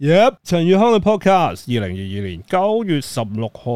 Yep，陳宇康嘅 podcast，二零二二年九月十六號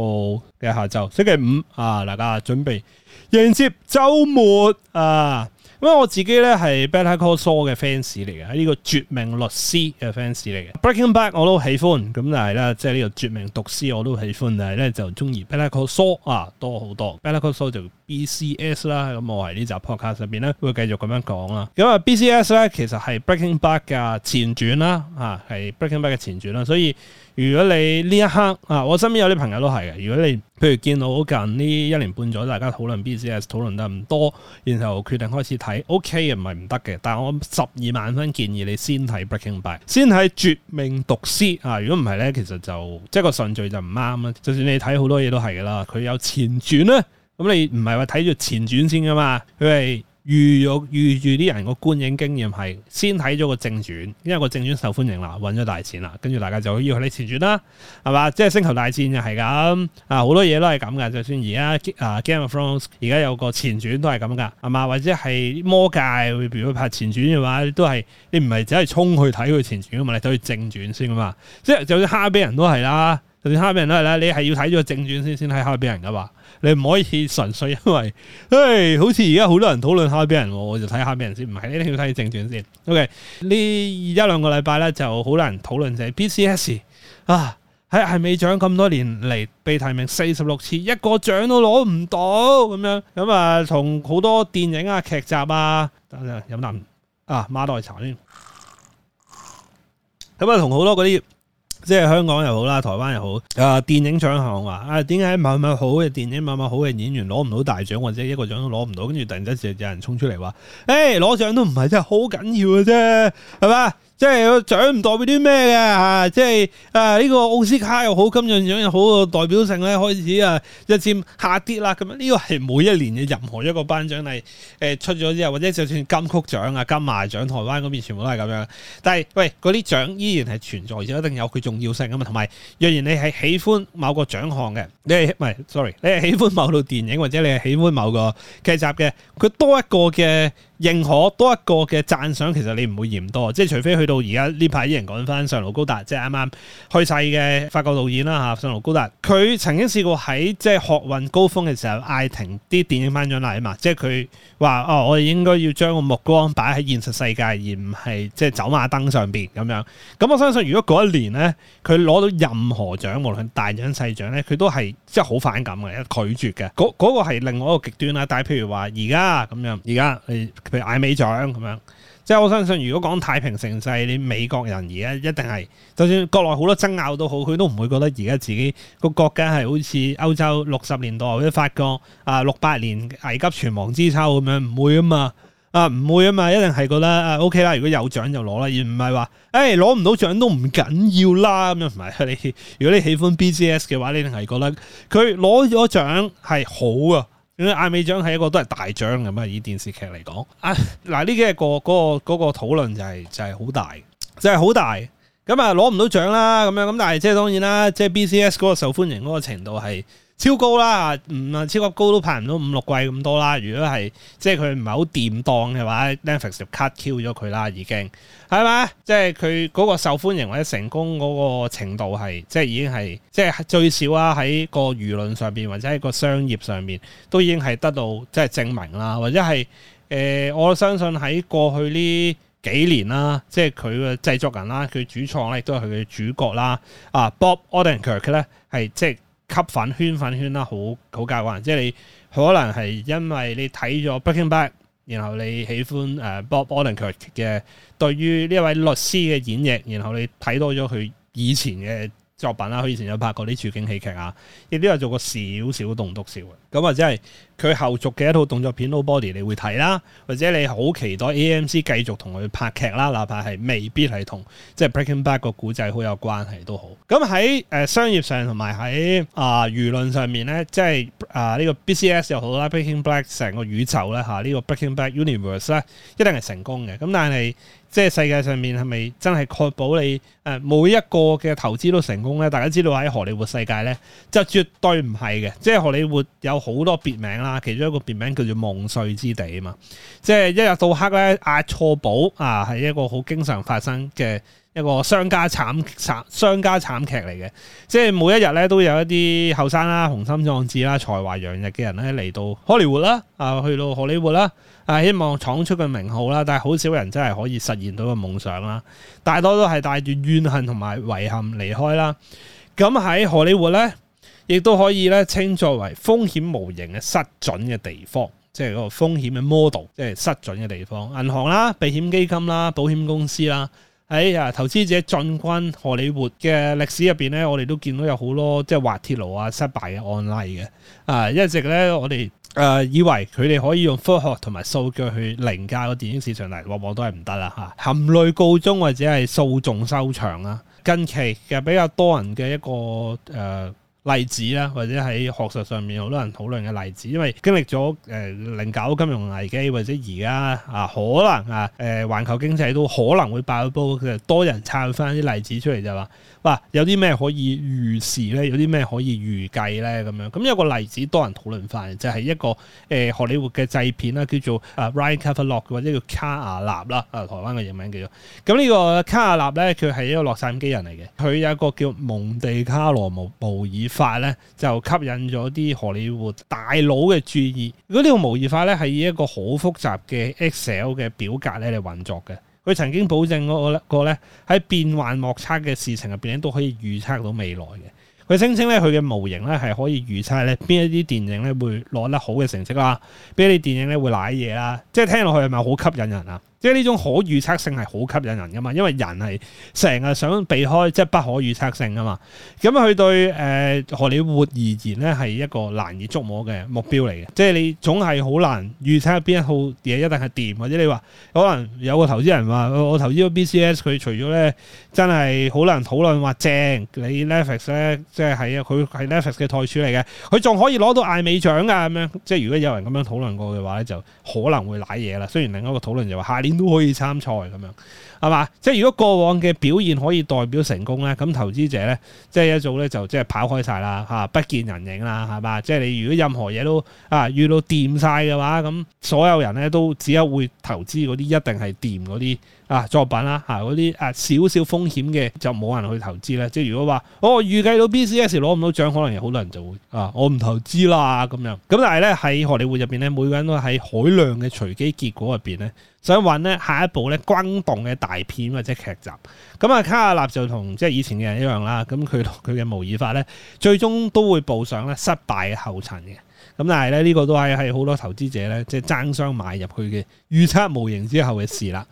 嘅下晝，星期五啊，大家準備迎接周末啊！咁我自己咧係 Better Call Saul 嘅 fans 嚟嘅，喺呢個絕命律師嘅 fans 嚟嘅。Breaking Bad 我都喜歡，咁但係咧即係呢個絕命毒師我都喜歡，但係咧就中意 Better Call Saul 啊多好多。Better Call Saul 就 B C S 啦，啊，咁、啊、我喺呢集 podcast 上邊咧會繼續咁樣講啦。咁啊 B C S 咧其實係 Breaking Bad 嘅前傳啦，啊係 Breaking Bad 嘅前傳啦，所以如果你呢一刻啊，我身邊有啲朋友都係嘅。如果你譬如見到近呢一年半左右，大家討論 B C S 討論得唔多，然後決定開始睇。O K 嘅唔係唔得嘅，但係我十二萬分建議你先睇 Breaking Bad，先睇絕命毒師啊！如果唔係咧，其實就即係個順序就唔啱啦。就算你睇好多嘢都係噶啦，佢有前傳啦，咁你唔係話睇住前傳先噶嘛？佢係。預有預住啲人個觀影經驗係先睇咗個正傳，因為個正傳受歡迎啦，揾咗大錢啦，跟住大家就要求你前傳啦，係嘛？即係星球大戰就係咁啊，好多嘢都係咁嘅。就算而家啊 uh,《Game of Thrones》而家有個前傳都係咁噶，係嘛？或者係《魔戒》會唔會拍前傳嘅話，都係你唔係只係衝去睇佢前傳啊嘛，你睇佢正傳先啊嘛。即係就算《哈比人》都係啦。睇哈比人都係啦，你係要睇咗個正傳先，先睇哈比人噶嘛？你唔可以純粹因為，唉，好似而家好多人討論哈比人，我就睇哈比人先，唔係一定要睇正傳先。OK，呢一兩個禮拜咧就好多人討論就係 BCS 啊，係、哎、係、艾美獎咁多年嚟被提名四十六次，一個獎都攞唔到咁樣，咁啊，同好多電影啊、劇集啊，飲啖馬黛茶先，咁啊，同好多嗰啲。即係香港又好啦，台灣又好，呃、好，啊電影獎項，話啊點解某某好嘅電影、某某好嘅演員攞唔到大獎，或者一個獎都攞唔到，跟住突然之間有人衝出嚟話，誒攞獎都唔係真係好緊要嘅、啊、啫，係咪？即係個獎唔代表啲咩嘅吓，即係啊呢個奧斯卡又好，金像獎又好，代表性咧開始啊日漸下跌啦咁樣，呢個係每一年嘅任何一個頒獎禮誒出咗之後，或者就算金曲獎啊、金馬獎、台灣嗰邊全部都係咁樣。但係喂，嗰啲獎依然係存在，而且一定有佢重要性噶嘛。同埋，若然你係喜歡某個獎項嘅，你係唔係？sorry，你係喜歡某套電影，或者你係喜歡某個劇集嘅，佢多一個嘅。認可多一個嘅讚賞，其實你唔會嫌多，即係除非去到而家呢排依然講翻上路高達，即係啱啱去世嘅法國導演啦嚇，上路高達，佢曾經試過喺即係學運高峰嘅時候嗌停啲電影頒獎禮嘛，即係佢話哦，我哋應該要將個目光擺喺現實世界，而唔係即係走馬燈上邊咁樣。咁我相信如果嗰一年呢，佢攞到任何獎，無論大獎細獎呢，佢都係即係好反感嘅，一拒絕嘅。嗰嗰、嗰個係另外一個極端啦。但係譬如話而家咁樣，而家譬如艾美獎咁樣，即係我相信，如果講太平盛世，你美國人而家一定係，就算國內好多爭拗都好，佢都唔會覺得而家自己個國家係好似歐洲六十年代或者法國啊六八年危急存亡之秋咁樣，唔會啊嘛，啊唔會啊嘛，一定係覺得啊 OK 啦，如果有獎就攞啦，而唔係話誒攞唔到獎都唔緊要啦咁樣，唔係，你如果你喜歡 B C S 嘅話，你一定係覺得佢攞咗獎係好啊。艾美獎係一個都係大獎咁，啊以電視劇嚟講， 啊嗱呢幾、嗰個嗰、嗰個、嗰個討論就係、係、就係、係、好大，真係好大，咁啊攞唔到獎啦，咁樣咁但係即係當然啦，即、就、係、係、B C S 嗰個受歡迎嗰個程度係。超高啦，唔、嗯、啊，超級高都拍唔到五六季咁多啦。如果係，即係佢唔係好掂當嘅話，Netflix 就 cut 掉咗佢啦。已經係咪？即係佢嗰個受歡迎或者成功嗰個程度係，即係已經係，即係最少啊。喺個輿論上邊或者喺個商業上面，都已經係得到即係證明啦。或者係，誒、呃，我相信喺過去呢幾年啦，即係佢嘅製作人啦，佢主創咧亦都係佢嘅主角啦。啊，Bob Odenkirk 咧係即係。吸粉圈粉圈啦，好好交關。即係你可能係因為你睇咗 Breaking Bad，然後你喜歡誒、Bob Odenkirk 嘅對於呢位律師嘅演繹，然後你睇多咗佢以前嘅作品啦，佢以前有拍過啲處境喜劇啊，亦都有做過少少棟篤笑嘅。咁或者係佢後續嘅一套動作片《Nobody》，你會睇啦；或者你好期待 AMC 繼續同佢拍劇啦，哪怕係未必係同即係 Breaking Bad 個故仔好有關係都好。咁喺誒商業上同埋喺啊輿論上面咧，即係啊呢個 BCS 又好啦，《Breaking Bad 成個宇宙咧吓呢個 Breaking Bad Universe》咧一定係成功嘅。咁但係即係世界上面係咪真係確保你誒、呃、每一個嘅投資都成功咧？大家知道喺荷里活世界咧，就絕對唔係嘅。即係荷里活有。好多別名啦，其中一個別名叫做夢碎之地啊嘛，即係一日到黑咧押錯寶啊，係一個好經常發生嘅一個商家慘慘商家慘劇嚟嘅，即係每一日咧都有一啲後生啦、雄心壯志啦、才華洋溢嘅人咧嚟到荷里活啦啊，去到荷里活啦啊，希望闖出個名號啦，但係好少人真係可以實現到個夢想啦，大多都係帶住怨恨同埋遺憾離開啦。咁喺荷里活咧。亦都可以咧稱作為風險模型嘅失準嘅地方，即係嗰個風險嘅 model，即係失準嘅地方。銀行啦、避險基金啦、保險公司啦，喺、哎、啊投資者進軍荷里活嘅歷史入邊咧，我哋都見到有好多即係滑鐵盧啊、失敗嘅案例嘅。啊，一直咧我哋誒、呃、以為佢哋可以用科學同埋數據去凌駕個電影市場嚟，往往都係唔得啦嚇，含淚告終或者係訴訟收場啊。近期嘅比較多人嘅一個誒。呃例子啦，或者喺學術上面好多人討論嘅例子，因為經歷咗誒零九金融危機，或者而家啊可能啊誒環球經濟都可能會爆煲，其實多人抄翻啲例子出嚟就話，哇有啲咩可以預示咧，有啲咩可以預計咧咁樣。咁有個例子多人討論翻，就係、是、一個誒荷里活嘅製片啦，叫做啊 Ryan Cavallaro 或者叫卡亞納啦，啊台灣嘅譯名嘅。咁呢個卡亞納咧，佢係一個洛杉磯人嚟嘅，佢有一個叫蒙地卡羅姆布爾法咧就吸引咗啲荷里活大佬嘅注意。如果呢個模擬法咧係以一個好複雜嘅 Excel 嘅表格咧嚟運作嘅，佢曾經保證過個咧個咧喺變幻莫測嘅事情入邊都可以預測到未來嘅。佢聲稱咧佢嘅模型咧係可以預測咧邊一啲電影咧會攞得好嘅成績啦，邊一啲電影咧會瀨嘢啦，即係聽落去係咪好吸引人啊？即係呢種可預測性係好吸引人噶嘛，因為人係成日想避開即係、就是、不可預測性啊嘛。咁、嗯、佢對誒、呃、荷里活而言咧係一個難以捉摸嘅目標嚟嘅。即係你總係好難預測邊一套嘢一定係掂，或者你話可能有個投資人話我投資個 BCS 佢除咗咧真係好難討論話正，你 Netflix 咧即係係啊佢係 Netflix 嘅台柱嚟嘅，佢仲可以攞到艾美獎㗎咁樣，即係如果有人咁樣討論過嘅話咧，就可能會賴嘢啦。雖然另一個討論就話下年。都可以參賽咁樣，係嘛？即係如果過往嘅表現可以代表成功呢？咁投資者呢，即係一早呢就即係跑開晒啦，嚇，不見人影啦，係嘛？即係你如果任何嘢都啊遇到掂晒嘅話，咁所有人呢都只有會投資嗰啲，一定係掂嗰啲。啊作品啦，嚇嗰啲啊少少、啊、風險嘅就冇人去投資咧，即係如果話哦預計到 B C S 攞唔到獎，可能有好多人就會啊我唔投資啦咁樣。咁但係咧喺荷里活入邊咧，每個人都喺海量嘅隨機結果入邊咧，想搵咧下一部咧轟動嘅大片或者劇集。咁、嗯、啊卡亞拉納就同即係以前嘅人一樣啦。咁佢佢嘅模擬法咧，最終都會步上咧失敗嘅後塵嘅。咁但係咧呢個都係係好多投資者咧即係爭相買入佢嘅預測模型之後嘅事啦。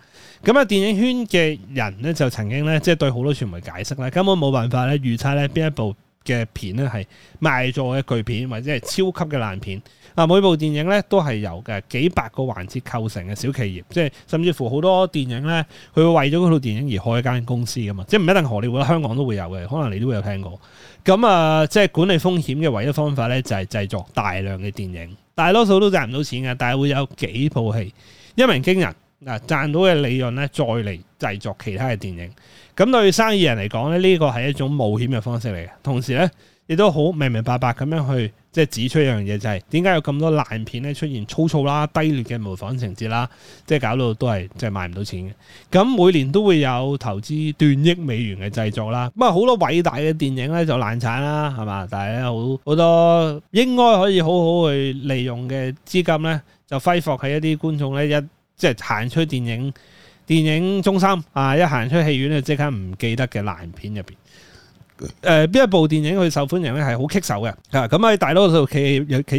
咁啊，電影圈嘅人咧就曾經咧即係對好多傳媒解釋咧根本冇辦法咧預測咧邊一部嘅片咧係賣座嘅巨片或者係超級嘅爛片啊！每部電影咧都係由嘅幾百個環節構成嘅小企業，即係甚至乎好多電影咧，佢會為咗嗰套電影而開一間公司㗎嘛，即係唔一定荷里活香港都會有嘅，可能你都會有聽過。咁啊，即係管理風險嘅唯一方法咧，就係、是、製作大量嘅電影，大多數都賺唔到錢嘅，但係會有幾部戲一鳴驚人。嗱，賺到嘅利潤咧，再嚟製作其他嘅電影。咁對生意人嚟講咧，呢個係一種冒險嘅方式嚟嘅。同時咧，亦都好明明白白咁樣去，即係指出一樣嘢就係點解有咁多爛片咧出現粗糙啦、低劣嘅模仿情節啦，即係搞到都係即係賣唔到錢嘅。咁每年都會有投資段億美元嘅製作啦。咁啊，好多偉大嘅電影咧就難產啦，係嘛？但係咧，好好多應該可以好好去利用嘅資金咧，就揮霍喺一啲觀眾咧一。即係行出電影電影中心啊！一行出戲院咧，即刻唔記得嘅爛片入邊。誒、呃，邊一部電影佢受歡迎咧，係好棘手嘅。啊，咁、啊、喺大多數企企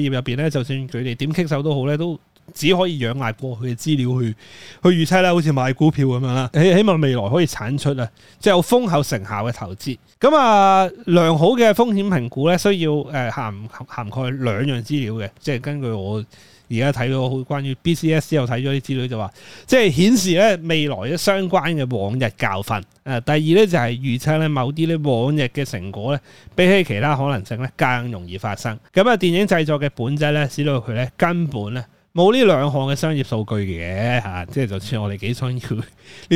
業入邊咧，就算佢哋點棘手都好咧，都只可以仰賴過去嘅資料去去預測啦，好似買股票咁樣啦。希望未來可以產出啊，即係有豐厚成效嘅投資。咁啊，啊，良好嘅風險評估咧，需要誒、啊、涵涵涵蓋兩樣資料嘅，即係根據我。而家睇到好關於 BCS 又睇咗啲資料就話，即係顯示咧，未來嘅相關嘅往日教訓。誒，第二咧就係預測咧某啲咧往日嘅成果咧，比起其他可能性咧，更容易發生。咁啊，電影製作嘅本質咧，使到佢咧根本咧。冇呢兩項嘅商業數據嘅嚇，即係就算我哋幾想要呢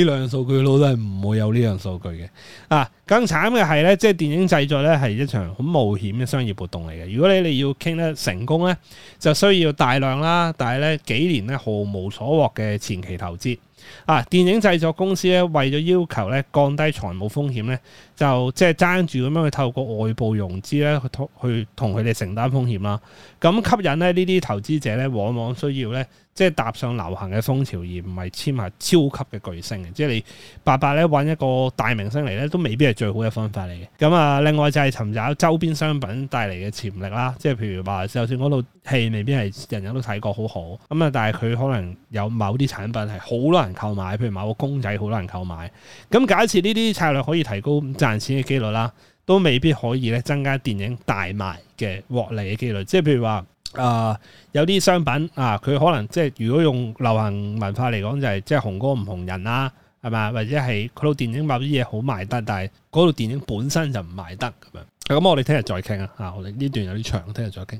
兩數據，老都係唔會有呢樣數據嘅。啊，更慘嘅係呢，即係電影製作呢係一場好冒險嘅商業活動嚟嘅。如果你哋要傾得成功呢，就需要大量啦，但係呢幾年呢，毫無所獲嘅前期投資。啊！電影製作公司咧，為咗要求咧降低財務風險咧，就即係爭住咁樣去透過外部融資咧，去同去同佢哋承擔風險啦。咁吸引咧呢啲投資者咧，往往需要咧。即係搭上流行嘅風潮，而唔係簽下超級嘅巨星嘅。即係你白白咧揾一個大明星嚟咧，都未必係最好嘅方法嚟嘅。咁啊，另外就係尋找周邊商品帶嚟嘅潛力啦。即係譬如話，就算嗰套戲未必係人人都睇過，好好咁啊，但係佢可能有某啲產品係好多人購買，譬如某個公仔好多人購買。咁假設呢啲策略可以提高賺錢嘅機率啦，都未必可以咧增加電影大賣嘅獲利嘅機率。即係譬如話。呃、啊，有啲商品啊，佢可能即、就、係、是、如果用流行文化嚟講、就是，就係即係紅歌唔紅人啦、啊，係嘛，或者係嗰套電影某啲嘢好賣得，但係嗰套電影本身就唔賣得咁樣。咁我哋聽日再傾啊，吓，我哋呢段有啲長，聽日再傾。